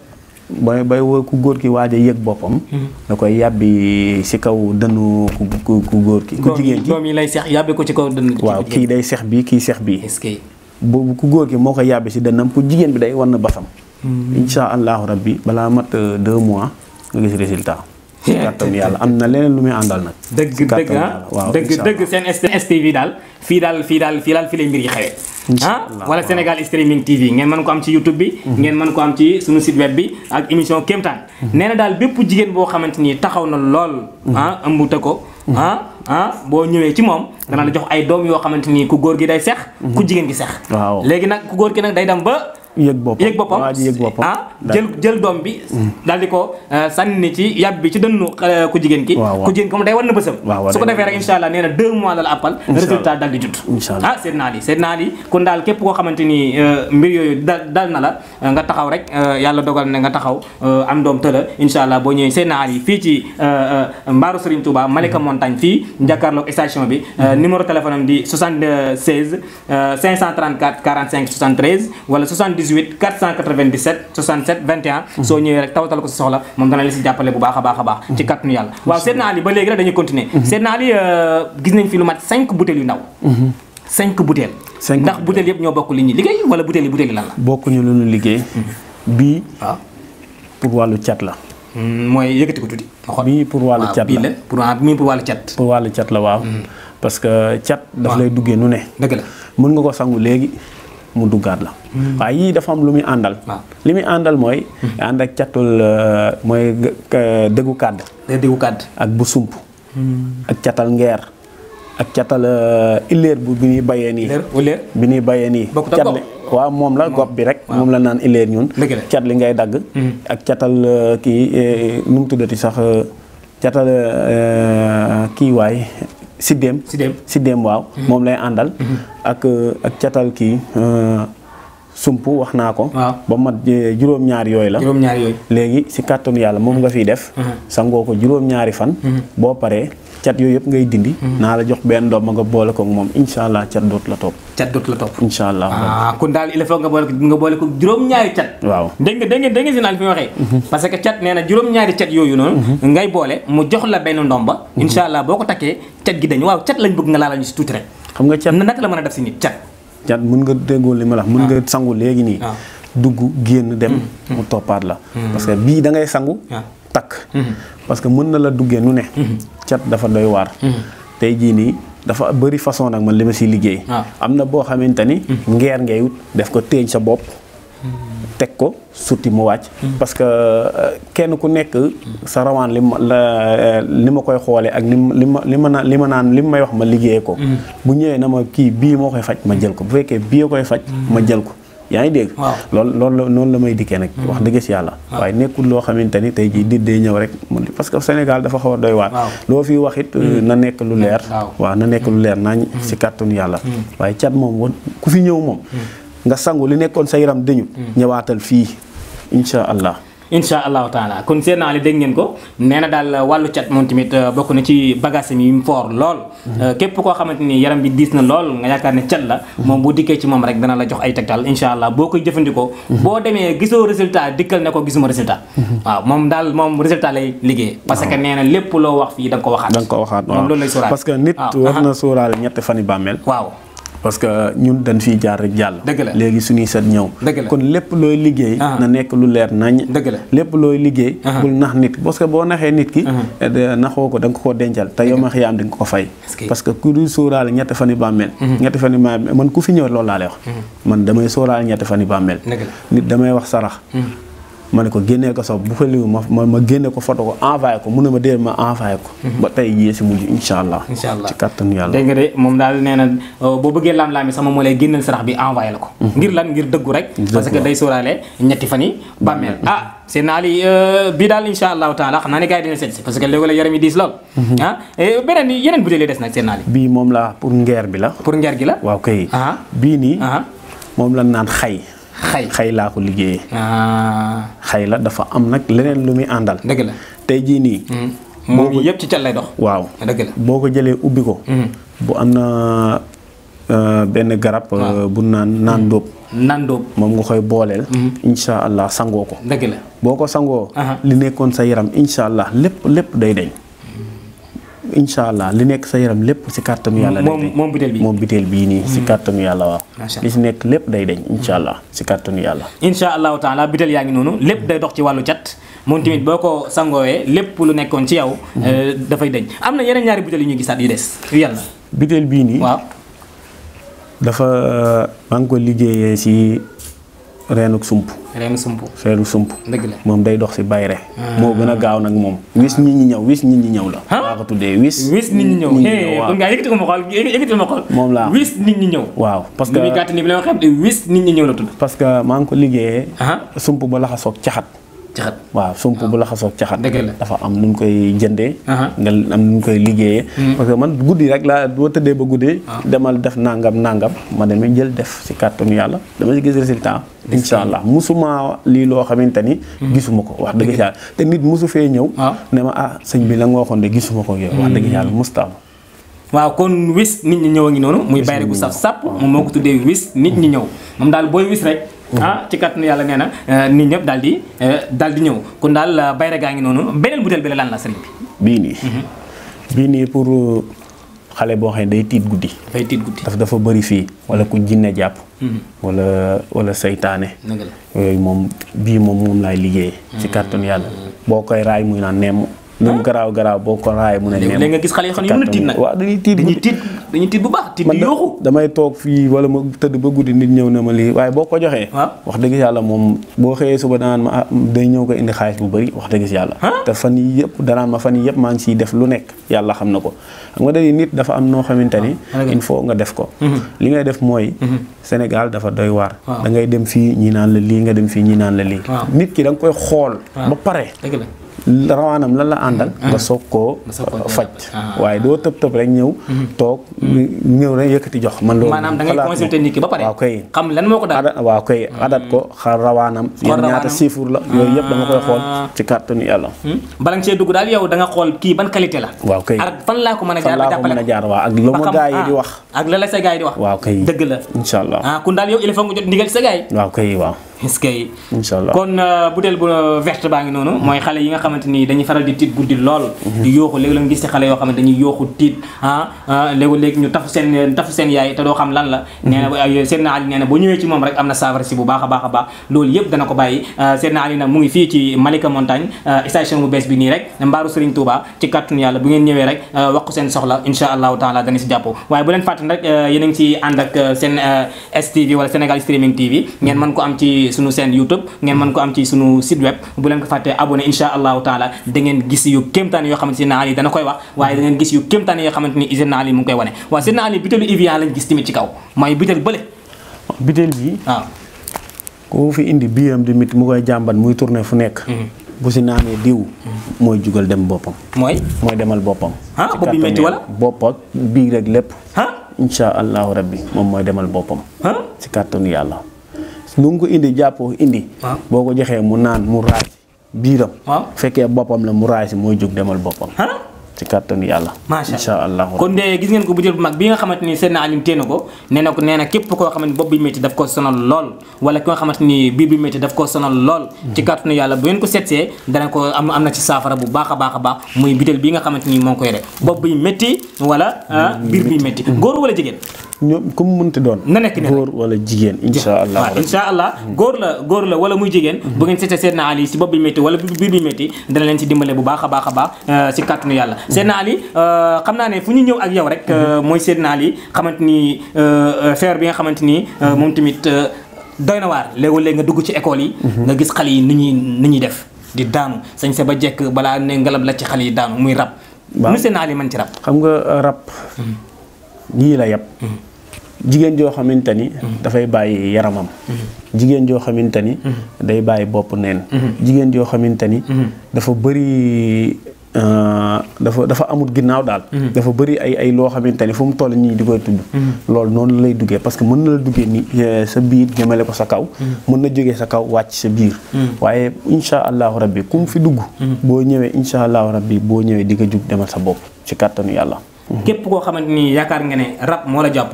bay bay ku góor ki waaj a yëg boppam. Mm-hmm. da koy yàbbi si kaw dënnu ku ku góor ki. ku jigéen ki doom ko ci kaw dënnu. waaw kii day seex bii kii seex bii. boobu ku góor ki moo koy yàbbi si dënnam ku jigéen bi day wan na basam. Mm-hmm. incha allahu rabbi balaa mat 2 euh, mois nga gis résultat. ci kàttanu yàlla am na leneen lu muy àndal nag. dëgg dëgg ah. waaw dëgg seen STV daal fii daal fii daal fii daal fii lay mbir yi xewee. ah wala Sénégal streaming TV ngeen man ko am ci YouTube bi. Mhm. ngeen mën ko am ci suñu site web bi ak émission Kéemtaan. Mhm. nee na daal bépp jigéen boo xamante ni taxaw na lool. Mhm. ah ëmb te ko. ah ah boo ñëwee ci moom. dana la jox ay doom yoo xamante ni ku góor gi day sex. ku jigéen gi sex. léegi nag ku góor gi nag day dem ba. yëg boppam yëg boppam ah jël jël doom bi daal di ko euh, sànni ci yàb bi ci dënnu euh, ku jigéen ki ku jigéen ki moom day war na bësam su ko defee rek insha allah nee na deux mois la la appal résultat daal di ah seet naa li seet naa li kon daal képp koo xamante ni euh, mbir yooyu dal na la nga taxaw rek yàlla dogal na nga taxaw am doom tëla insha allah boo ñëwee seet naa li fii ci mbaaru Serigne Touba Malika mm-hmm. Montagne fii mm-hmm. jàkkaarloog station bi mm-hmm. numéro téléphone am di 76 534 45 73 wala 78 18 497 67 21 so ñëwee rek tawatal ko sa soxla moom dana la si jàppale bu baax a baax a baax ci kattanu mm-hmm. waaw Seydina Ali ba léegi rek dañuy continuer mm-hmm. Seydina Ali euh, gis nañ fi lu mat 5 yu ndaw 5 mm-hmm. butéel ndax butéel yëpp ñoo bokk li ñuy liggéey wala butéel yi butéel lan la bokkuñu lu ñu liggéey bii ah. pour wàllu cat la mm, mooy yëkkati ko tuuti bii pour wàllu chat ah, la pour mi pour wàllu cat pour wàllu cat la waaw parce que daf ah. lay nu la mën nga ko sangu mu duggaat la. Hmm. waaye yii dafa am lu muy àndal. Ah. li muy àndal mooy. Hmm. ànd ak catul euh, mooy dëggu kàdd. dëggu ak bu sump. Hmm. ak catal ngeer. ak catal euh, illeer bi ñuy bayee nii. bi ñuy bayee nii. cat li waaw moom la gopp bi rek. Ah. moom la naan illeer ñun. cat li ngay dagg. ak catal euh, kii nu mu sax catal kii waay. Sidem Sidem Sidem waaw. Mhm. moom lay àndal. Mhm. ak euh, ak catal kii. Euh, sump wax naa ko. ba mat euh, juróom-ñaari yooyu la. juróom-ñaari léegi si kàttanu yàlla moom nga fiy def. Mhm. sangoo ko juróom-ñaari fan. boo paree cat yooyu yëpp ngay dindi. naa la jox benn doom nga boole kook moom incha allah cat dootu la toog cat dootu la topp. incha allah ah kon daal il faut nga boole ko nga boole juróom-ñaari cat. waaw dégg nga dégg nga si naan fi waxee. Mhm. parce que cat nee juróom-ñaari cat yooyu noonu. Mhm. ngay boole mu jox la benn ndomba. Mhm. incha allah boo ko takkee cat gi dañu waaw cat lañ bëgg nga laal ñu si tuuti rek. xam nga cat naka la mën a def si nit cat. cat mën nga déggoo li ma la wax mën nga ah. sangu léegi nii. Ah. dugg génn dem. Mm-hmm. mu toppaat la. Mm-hmm. parce que bii da ngay sangu. Ah. takk. Mm-hmm. parce que dafa bëri façon nag man li ma siy liggéey. Ah. am na boo xamante ni. Hmm. ngeer ngay wut def ko téeñ sa bopp. Hmm. teg ko sutti mu wàcc. Hmm. parce que euh, kenn ku nekk sa rawaan li ma la euh, li ma koy xoolee ak li ma li ma naan li ma naan li may wax ma liggéeyee ko. bu ñëwee na ma kii bii moo koy faj ma jël ko bu fekkee bii koy faj ma jël ko. yaa ngi dégg loolu loolu la noonu la may dikkee nag mm-hmm. wax dëgg si yàlla waaye nekkul loo xamante ni tey jii dit dee ñëw rek parce que Sénégal dafa xaw a doy waat loo fi wax it mm-hmm. na nekk lu leer waa na nekk lu leer nañ mm-hmm. si kàttanu yàlla waaye cat moom ku fi ñëw moom nga sangu li nekkoon sa yaram dëñu ñëwaatal fii incha allah incha allahu taala kon seen naa li dégg ngeen ko nee na daal wàllu cat moom tamit euh, bokk na ci bagage yi mu fort lool mm-hmm. euh, képp koo xamante ni yaram bi diis na lool nga yaakaar ne cat la mm-hmm. moom boo dikkee ci moom rek dana la jox ay tegtal incha allah boo koy jëfandikoo mm-hmm. boo demee gisoo résultat dikkal ne ko gisuma résultat waaw moom daal moom résultat lay liggéey parce que ah. nee lépp loo wax fii da nga ko waxaat da nga ko waxaat moom loolu lay sóoraale parce que nit ah. war na sóoraale ñetti fan yi parce que ñun dañ fiy jaar rek jàll. dëgg la léegi suñuy set ñëw. kon lépp looy liggéey. Ah. na nekk lu leer nañ. dëgg la lépp looy liggéey. Ah. bul nax nit parce boo naxee nit ki. Ah. Eh, naxoo ko da nga koo dencal te yow ma xiyaam di ko fay. parce que ku du sóoraale ñetti fan yu bàmmeel. Mm-hmm. ñetti fan yu bàmmeel man ku fi ñëw loolu wax. Mm-hmm. man damay sóoraale ñetti fan yu bàmmeel. nit damay wax sarax. Mm-hmm. ma ne ko génnee ko sax bu fa ma génne ko foto ko envoyé ko mu ne ma dee ma envoyé ko. Mhm. ba tey jii si mujj allah. incha allah ci kattanu yàlla. dégg nga de moom daal nee na euh, boo bëggee lam-laami sama moo lay génneel sarax bi envoyé la ko. Mhm. ngir lan ngir dëggu rek. parce que day sóoraale ñetti fan yi bàmmeel mhm. ah. seen naa li euh, bii daal incha allahu taala xam naa ne gars yi dina seet si parce que léegi la yaram yi diis lool. ah beneen yeneen butéel yi des nag seen naa li. bii moom la gi la. waaw kay. bii nii. moom la naan xay. xay xay laa ko liggéeyee. Ah. xay la dafa am nag leneen lu muy àndal. dëgg la tey jii nii. Hmm. moom yëpp ci cal lay dox. waaw boo ko jëlee ubbi ko. Hmm. bu am na euh, benn garab. Euh, bu naan naan hmm. dóob. naan dóob moom nga koy booleel. incha allah sangoo ko. dëgg boo ko sangoo. li nekkoon sa yaram incha allah lépp lépp day deñ incha allah li nekk sa yaram lépp si kàttanu yàlla. moom moom butéel bi moom butéel bii nii. si hmm. kàttanu yàlla waaw. li si nekk lépp day deñ incha allah si kàttanu yàlla. incha allahu taala butéel yaa ngi noonu lépp day dox ci wàllu cat. moom tamit boo ko sangoowee lépp lu nekkoon ci yow. Hmm. Euh, dafay deñ am na yeneen ñaari butéel yu ñuy gisaat yu des yàlla. bii nii. waaw dafa maa ko liggéeyee si reenuk sump. reenu sump reenu sump. dëgg moom day dox si bayre boo ah. gën a gaaw nag moom. wis nit ñi ñëw wis nit ñi ñëw la. maa ko tuddee wis. wis nit ñi ñëw moom laa wis nit ñi ñëw. waaw parce que li muy gàtt nii bi la ma parce que maa ngi ko liggéeyee. Ah. sump ba laxasoog caxat. caxat waaw sump bu la caxat dafa am nu ñu koy jënde nga am nu ñu koy liggéeyee hmm. parce que man guddi rek laa boo tëddee ba guddee ah. demal def nangam nangam ma demee jël def si kàttanu yàlla dama si gis résultat incha allah musuma lii loo xamante ni hmm. gisuma ko wax dëgg yàlla te nit musu fee ñëw ah. ne ma ah sëñ bi la nga waxoon de gisuma ko yow wax dëgg hmm. yàlla mustaam waaw kon wis nit ñi ñëw a ngi noonu muy bayre bu saf sàpp moom moo ko tuddee wis nit ñi ñëw ah ci kàttanu yàlla nee na eh, nit ñëpp daal di eh, daal di ñëw kon daal eh, bayra gaa ngi noonu beneen butéel bi la lan la sëriñ bi. bii nii. Mhm. bii nii pour euh, xale boo xam ne day tiit guddi. day tiit guddi dafa dafa bëri fii wala ku jinne jàpp. Mhm. wala wala saytaane. yooyu moom bii moom moom laay liggéeyee. ci mhm. kàttanu yàlla boo koy raay muy naan nemm. lu garaaw garaaw boo ko raay mu ne neem nga gis xale xam ne mën na tiit nag dañuy tiit dañuy tiit dañuy tiit bu baax tiit di yooxu damay toog fii wala ma tëdd ba guddi nit ñëw na ma lii waaye boo ko wax dëgg yàlla moom boo xëyee suba danaan ma day ko indi bu wax te fan yi ma fan yi ngi def lu nekk yàlla ya xam na xam nga dañuy nit dafa am noo xamante il faut nga def ko mhm. li ngay def mhm. dafa doy da ngay dem ñi naan la nga dem ñi naan la nit ki koy ba pare rawaanam lan la àndal mm-hmm. nga soog koo faj ah. waaye doo tëb tëb rek ñëw mm-hmm. toog mm-hmm. ñëw rek yëkkati jox man loolu maanaam da ngay consulté nit ki ba pare waaw lan moo ko daal waaw koy adat ko xar rawaanam yéen ñaata siifur la yooyu yëpp dama koy xool ah. ci yàlla hmm? bala nga cee dugg daal yow da nga xool kii ban qualité la waa koy ak fan laa ko mën a jaar a ak lu ah, wax ak la la wax waaw koy dëgg la incha allah ah kun daal yow il faut jot ndigal sa gaa yi waaw koy waaw iskay incha allah kon euh, budeel bu euh, verte baa ngi noonu mooy xale yi nga xamante ni dañuy faral di tiit guddi lool mhm. di yooxu léegi la nga gis ci xale yoo xam ne dañuy yooxu tiit ah, ah, léegi léegi ñu tafu seen yaay te doo xam lan la mhm. nee boo ñëwee ci moom rek am na saafara bu baax a baax a baax loolu yëpp dana ko bàyyi euh, seen na nag mu ngi fii ci Malika Montagne station bu bees bi nii rek mbaaru Serigne Touba ci kàttanu yàlla bu ngeen ñëwee rek wax seen soxla incha allahu a ngi ci sunu chaîne YouTube ngeen mën ko am ci sunu site web bu leen ko fàttee abonné insha allahu taala da ngeen gis yu kéemtaan yoo xamante Seydina Ali dana koy wax waaye da ngeen gis yu kéemtaan yoo xamante ni Seydina Ali mu ngi koy wane waaw Seydina Ali bitéelu Evian lañ gis tamit ci kaw mooy bitéel bële bitéel bi waaw ko fi indi biiram di mit mu koy jàmbat muy tourné fu nekk mhm. bu si naanee diw mhm. mooy jugal dem boppam mooy mooy demal boppam ah bopp bi métti wala bopp ak bii rek lépp ah incha allahu lu nga ko indi jàppoo indi. boo ko joxee mu naan mu raay biiram. waaw fekkee boppam la mu raay si mooy jóg demal boppam. ci kàttanu yàlla. ko bu bi nga xamante ni seen alim téye na ko nee na ko nee na képp koo xamante ni bopp bi métti daf ko sonal lool wala ki bi métti daf ko sonal lool. Hmm. ci kàttanu yàlla bu ngeen ko seetsee dana ko am am na ci saafara bu baax a baax a baax muy bitel bi nga xamante ni moo koy rek bopp bi métti wala ah, biir bi métti góor wala jigéen. ñoom comme mënti doon na nekk góor wala jigéen insha allah ah, insha allah góor la góor la wala muy jigéen mm-hmm. bu ngeen seetee seedna ali si bopp bi métti wala biir bi métti dana leen si dimbale bu baax a baax a baax euh, si kàttanu yàlla mm-hmm. seedna ali euh, xam naa ne fu ñu ñëw ak yow rek mm-hmm. euh, mooy seedna ali xamante ni feer bi nga xamante ni moom tamit doy na waar léegoo nga dugg ci école yi nga gis xale ni ñuy def di daanu sañ sa ba jekk balaa ne ngalab la ci xale daanu muy rab monsieur naali man ci rap xam nga rab ñii la yab jigéen joo xamante ni. Mhm. dafay bàyyi yaramam. Mhm. jigéen joo xamante ni. Mhm. bàyyi bopp neen. jigéen joo xamante ni. dafa bëri euh, dafa amut ginnaaw daal. dafa bari ay ay loo xamante ni fu mu toll nii di koy tudd. loolu noonu lay duggee parce que mën na la duggee nii euh, sa biir jëmale ko sa kaw. mën na jóge sa kaw wàcc sa biir. waaye incha allahu rabbi ku mu fi dugg. boo ñëwee incha allahu rabbi boo ñëwee di nga jug demal sa bopp ci kàttanu yàlla. képp koo xamante ni yaakaar nga ne rab moo la jàpp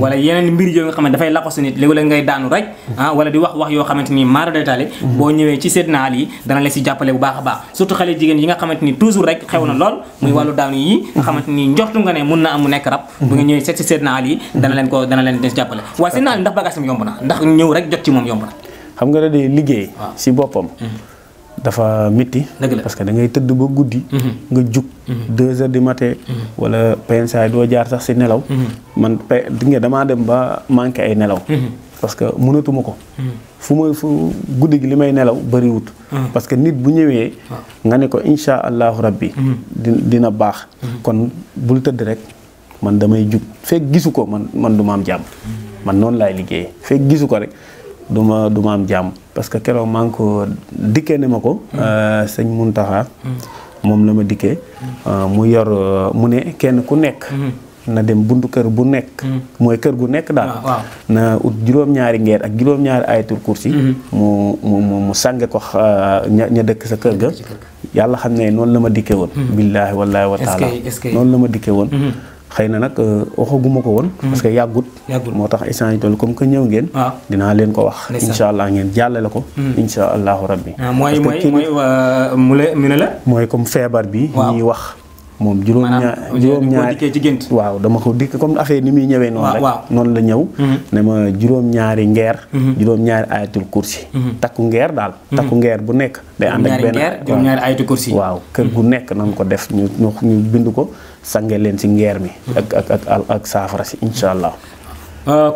wala yeneen mbir yooyu nga xamante dafay laxos nit léegi la ngay daanu raj ah wala di wax wax yoo xamante ni maara detaale boo ñëwee ci seet naal yi dana la si jàppale bu baax a baax surtout xale jigéen yi nga xamante ni toujours rek xew na lool muy wàllu daanu yi nga xamante ni njortu nga ne mun na am mu nekk rab bu nga ñëwee seet si seet dana leen ko dana leen si jàppale waaye seet naal yi ndax bagage am yomb na ndax ñëw rek jot ci moom yomb na xam nga da day liggéey si boppam mm-hmm. dafa métti parce que da ngay tëdd ba guddi mhm. nga jug mhm. deux heures du matin mhm. wala pensaay doo jaar sax si nelaw man pe di nga damaa dem ba manqué ay nelaw parce que mënatuma ko fu ma fu guddi gi li may nelaw bëriwut parce que nit bu ñëwee ah. nga ne ko insha allahu rabbi di dina baax kon bul tëdd rek man damay jug fekk gisu ko man du ma am jàmm man noonu laay liggéeyee fekk gisu ko rek du ma du am jàmm parce que keroog maa ngi ko dikkee ne ma ko. Mm. Euh, sëñ Muntaxa mm. moom la ma dikke mm. euh, mu yor euh, mu ne kenn ku nekk. na dem buntu kër bu nekk. mooy kër gu nekk daal. na ut juróom-ñaari ngeer ak juróom-ñaari ayatul kursi. Mm-hmm. mu mu mu sànge ko ña ña dëkk sa kër ga. yàlla xam ne noonu la ma dikkee woon. billaahi wallaahi wa taala noonu la ma dikkee woon. Mm-hmm. xëy na nag euh, waxaguma ko woon. Hmm. parce que yàggut. moo tax instant yi toll comme que ñëw ngeen. Ah. dinaa leen ko wax. incha allah ngeen jàllale ko. Hmm. incha allahu rabbi. Ah, mooy mooy mooy euh, mu ne la. mooy comme feebar bi. ñuy wax. moom juróom-ñaar ci gént waaw dama ko dikk comme affaire ni muy ñëwee noonu rek noonu la ñëw mhm. ne ma juróom-ñaari ngeer mhm. juróom-ñaari ayatul kursi mhm. takku ngeer daal takku ngeer bu nekk day ànd ak benn waaw kër gu nekk nan ko def ñu ñu bind ko sange leen si ngeer mi ak ak ak ak saafara si incha allah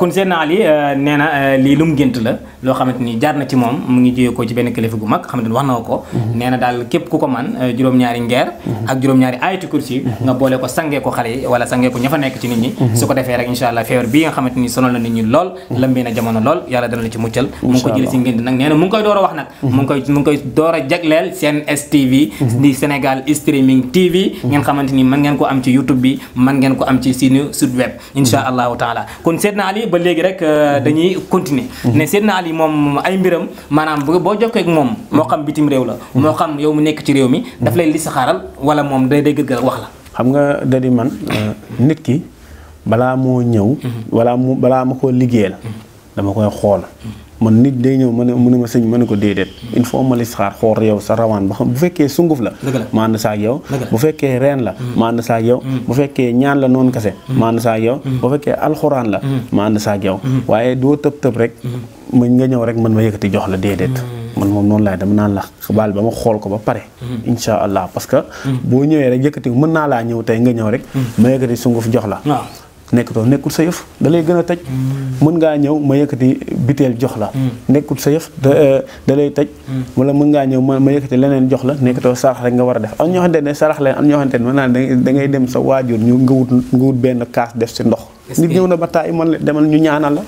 concernant euh, ali euh, nee na euh, lii lu mu la loo xamante ni jaar na ci moom mu ngi jiyee ko ci gu ni wax na ko mhm. nee na daal képp ku ko man juróom-ñaari ngeer mhm. ak juróom-ñaari ayatu kursi mhm. nga boole ko sangee ko xale yi wala sangee ko ña nekk ci nit ñi su ko rek allah bi nga xamante ni sonal na nit ñi lol. lëmbee na jamono lool yàlla dana la ci muccal mu ngi ko jël si ngént nag nee mu ngi koy wax mu ngi koy mu ngi koy STV di Senegal streaming TV ngeen xamante ni mën ngeen ko am ci YouTube bi mën ngeen ko am ci web insha allahu taala kon seet Seydina Ali ba léegi rek euh, mhm. dañuy continuer mhm. ne Seydina Ali moom ay mbiram maanaam boo jokkee ak moom mhm. moo xam bitim réew la moo xam yow mu nekk ci réew mi daf lay li saxaaral wala moom day day gërgër wax la xam nga da man euh, nit ki balaa moo ñëw balaa mu balaa ma ko liggéeyal dama koy xool man nit day ñëw ma ne mu ne ma sëñ ma ne ko déedéet il faut ma listixaar xool sa rawaan ba xam bu fekkee sunguf la ma ànd saak yow bu fekkee reen la mm. ma ànd mm. bu fekkee ñaan la noon kase mm. ma ànd saak yow bu fekkee alxuraan la ma ànd saak yow waaye doo tëb tëb rek ma nga ñëw rek man ma yëkkati jox la déedéet man moom noonu laay dama naan la baal ba ma xool ko ba pare incha allah parce que boo ñëwee rek yëkkati mën naa laa ñëw tey nga ñëw rek ma yëkkati sunguf jox la nekkatoo nekkul sa yëf da lay gën a taj mm. mën ngaa ñëw ma yëkkati biteel jox la. Mm. nekkut sa yëf da eh, da lay tëj. Mm. wala mën ngaa ñëw ma ma yëkkati leneen jox la nekkatoo sarax rek nga war a def am ñoo xamante ne sarax leen am ñoo xamante ne mën naa da ngay dem sa waajur ñu nga wut nga wut benn kaas def si ndox. nit ñëw na ba taay man la demal ñu ñaanal la.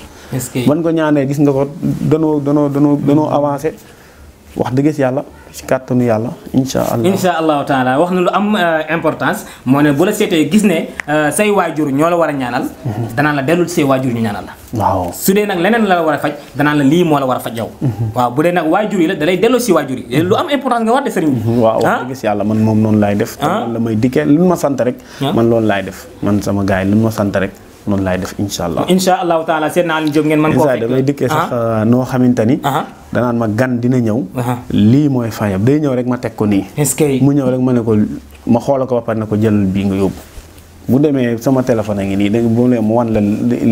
ban ko ñaanee gis nga ko danoo danoo danoo danoo avancé. wax dëgg si yàlla si kàttanu yàlla incha allah. incha allahu taala wax na lu am euh, importance moo ne bu la seetee gis ne euh, say waajur ñoo la war a ñaanal. Mhm. danaan la dellul say waajur ñu ñaanal la. waaw su dee nag leneen la la war a faj danaan la lii moo la war a faj yow. Mhm. waaw bu dee nag waajur yi la dalay delloo si waajur yi lu am importance nga war de sëriñ mhm. waaw ah? wax dëgg si yàlla man moom noonu laay def. te ah? la may dikkee lu ma sant rek. Ah? man loolu laay def man sama gars yi lu ma sant rek. noonu laay def incha allah. incha allahu taala seen naa Alioune Diop ngeen mën koo fekk damay dikkee sax ah. Ah, noo xamante ni. Ah. danaan ma gan dina ñëw. lii mooy fayam day ñëw rek ma teg ko nii. est-ce que mu ñëw rek ma ne ko ma xoolal ko ba pare ne ko jël bii nga yóbbu. bu demee sama téléphone a ngi nii dégg bu mu wan la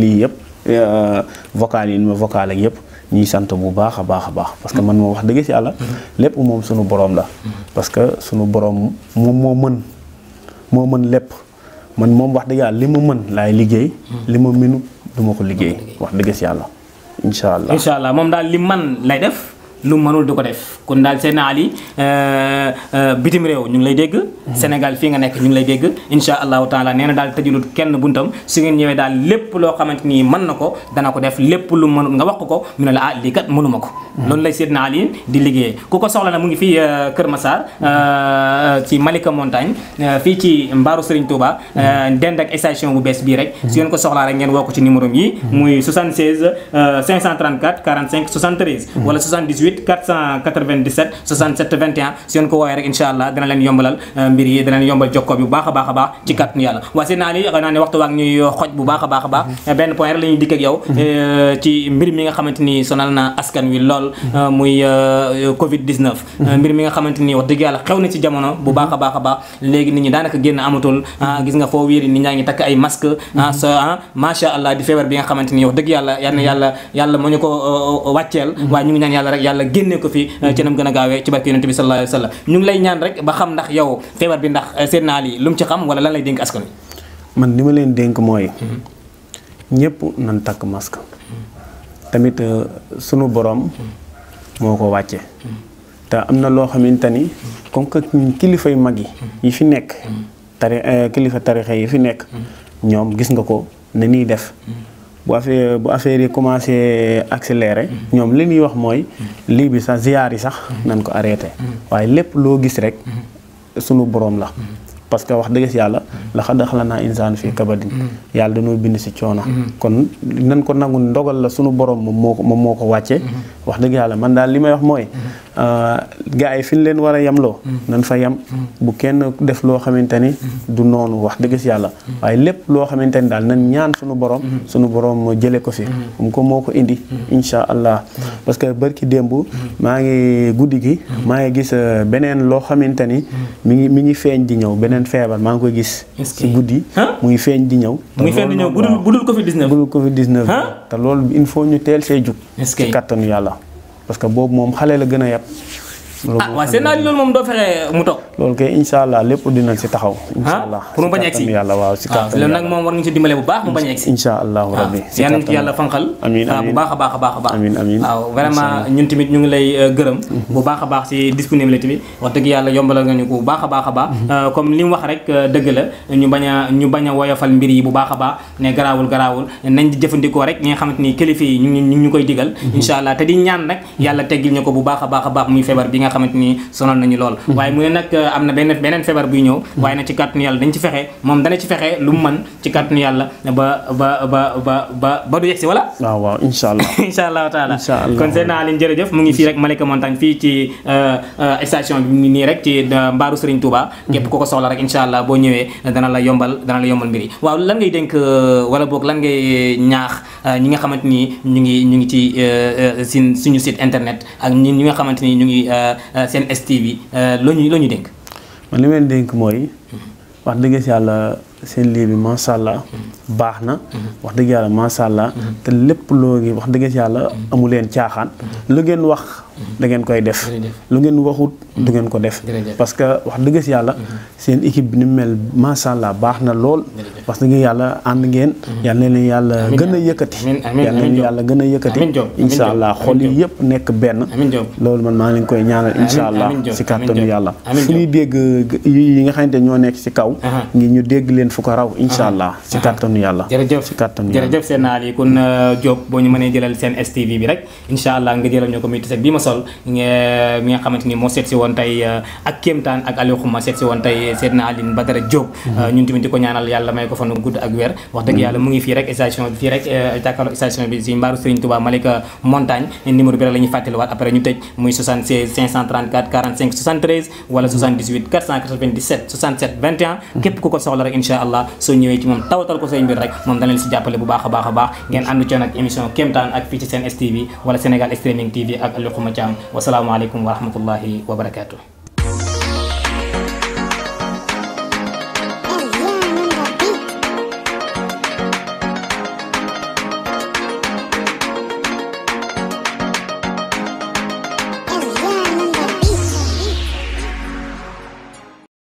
lii yëpp euh, vocal yi nu ma vocal ak yëpp. ñuy sant bu baax a baax a baax parce que man moo wax dëgg si àlla mm-hmm. lépp moom sunu boroom la mm-hmm. parce que sunu boroom moom moo mën moo mën lépp man moom wax dëgg yàlla li ma man laay liggéey. Hmm. li ma mënu duma ko liggéey. wax dëgg si yàlla incha allah. incha allah moom daal li man lay def. lu mënul du ko def kon daal seen Ali euh, euh, bitim réew ñu ngi lay dégg. Sénégal fii nga nekk ñu ngi lay dégg incha allahu taala nee na daal tëjulul kenn buntam su ngeen ñëwee daal lépp loo xamante ni man na ko dana ko def lépp lu mënul nga wax ko mu ne la ah lii kat mënuma ko. Hmm. loolu lay Seydina Ali di liggéeyee ku ko soxla na mu ngi fii euh, Kër Massar ci Malika Montagne fii ci Mbaaru Serigne Touba. Hmm. dend ak station bu bees bii rek. Hmm. su ngeen ko soxlaa rek ngeen woo ci numéro yi muy 76 534 45 73. 78 497 67 21 ko woowee rek incha allah dina leen yombalal euh, mbir yi dina leen yombal jokkoo bi baax a baax a baax ci kàttanu yàlla waa seen naa waxtu waag ñuy xoj bu baax a baax a baax mm-hmm. benn point rek la dikk ak mm-hmm. euh, ci mbir mi nga xamante ni sonal na askan wi lool mm-hmm. euh, muy covid 19 mbir mi nga xamante ni wax dëgg yàlla xew na ci jamono bu baax a baax a baax léegi nit ñi daanaka génn amatul ah, gis nga foo wéeri nit ñaa ngi takk ay masque ah, so ah, allah di feebar yàlla génne ko fi hmm. ci nam gën a gaawee ci barke yonente bi sallallahu alayhi wa ñu ngi lay ñaan rek ba xam ndax yow feebar bi ndax Lum eh, naal yi lu mu ci xam wala lan lay nyepu askan wi man li leen dénk mooy hmm. ñëpp nan takk masque hmm. tamit euh, sunu borom moo ko wàcce amna am na loo xamante ni comme kilifa yu mag yi fi tari kilifa yi fi euh, gis nga ko def bu affaire bu affaire yi commencé accéléré. ñoom li ñuy wax mooy. lii bi sax ziyaar yi sax. nañ ko arrêté. waaye lépp loo gis rek. sunu boroom la. parce que wax dëgg yàlla la xa daxla naa insaan fii kabadin yàlla dañoo bind si coono kon nan ko nangu ndogal la sunu borom moo ko moom moo ko wàcce wax dëgg yàlla man daal li may wax mooy Euh, gaa yi fi ñu leen war a yamloo mm. nan fa yam mm. bu kenn def loo xamante ni mm. du noonu wax dëgg si yàlla waaye lépp loo xamante ni daal nan ñaan suñu borom suñu borom jële ko fi um ko moo ko indi insha allah parce que bërki démb maa ngi guddi gi maa ngi gis euh, beneen loo xamante ni mi ngi mi ngi feeñ di ñëw beneen feebar maa ngi koy gis si guddi mu ngi feeñ di ñëw muy feeñ di ñëw budul covid 19 budul covid 19 te loolu il faut ñu teel see jug ci kattanu yàlla parce que boobu moom xale la gën a yab ah wa seen laaj loolu moom doo fexe mu allah lépp dinañ ah, si taxaw insha allah pour mu bañ egsi yàlla waaw si kàttan yàlla nag moom war nga allah rabbi yàlla nañ ci yàlla fanqal amiin amiin bu baax a baax a baax a baax amiin amiin waaw a si disponibilité bi wax dëgg yàlla yombalal nga ñu ko bu baax a baax a baax mhm. ah, comme li mu wax rek eh, la a a a ne garaawul garaawul nañ di jëfandikoo rek ñi ni kilifa yi ñu ñu mhm. allah te di ñaan nag yàlla teggil ñu ko bu baax a a nga xamanteni sonal nañu lool hmm. waaye mu ne nag euh, am benn beneen feebar buy ñëw hmm. waaye na ci kàttanu yàlla dañ ci fexe moom ci lu mën ci ba ba ba ba ba ba du yegsi wala ah, waaw waaw allah allah taala kon seen naa leen jërëjëf mu ngi fi rek Malika Montagne fii ci euh, euh, station bi nii rek ci mbaaru Serigne Touba hmm. ko ko soxla rek allah boo dana la yombal dana la yombal mbir waaw lan ngay dénk wala boog lan ngay ñaax ñi nga xamante ni ñu ngi ñu ngi ci suñu site internet ak ñi nga xamante ñu ngi Euh, seen STV euh, la ñuy la ñuy dénk. man li ma leen dénk mooy. Mm-hmm. wax dëgg si yàlla seen lii bi macha baax na wax dëgg yàlla macha allah te lépp loo ngi wax dëgg yàlla amu leen caaxaan lu ngeen wax da ngeen koy def lu ngeen waxut du ngeen ko def parce que wax dëgg yàlla seen équipe bi ni mel macha allah baax na lool parce que yàlla ànd ngeen mhm. yàlla leen yàlla gën a yëkkati yàlla leen yàlla gën a yëkkati insha allah xol yi yëpp nekk benn loolu man maa leen koy ñaanal insha allah si kàttanu yàlla fu ñuy dégg yi nga xamante ñoo nekk si kaw ngir ñu dégg leen yeneen fu ko raw incha allah si kàttanu yàlla jërëjëf si kàttanu yàlla jërëjëf seen naal yi kon euh, Diop boo ñu mënee jëlal seen STV bi rek incha allah nga jëlal ñu ko muy tiset bi ma sol nga euh, mi nga xamante ni moo seet si woon tey euh, ak kéemtaan ak Aliou Khouma seet si woon tey seet na Aline Badara Diop mhm. ñun tamit di ko ñaanal yàlla may ko fanu gudd ak weer wax dëgg mhm. yàlla mu ngi fii rek station bi fii rek jàkkaarloo station bi si mbaaru Serigne Touba Malika Montagne numéro bi rek la ñuy fàttaliwaat après ñu tëj muy 76 534 45 73 wala 78 497 67 21 képp ku ko soxla rek incha incha allah soo ñëwee ci moom tawatal ko say mbir rek moom dana si jàppale bu baax a baax a baax ngeen ànd ci nag émission kéemtaan ak fii ci seen STV wala Sénégal streaming TV ak Aliou Khouma Thiam wasalaamualeykum wa rahmatullahi wa barakatuh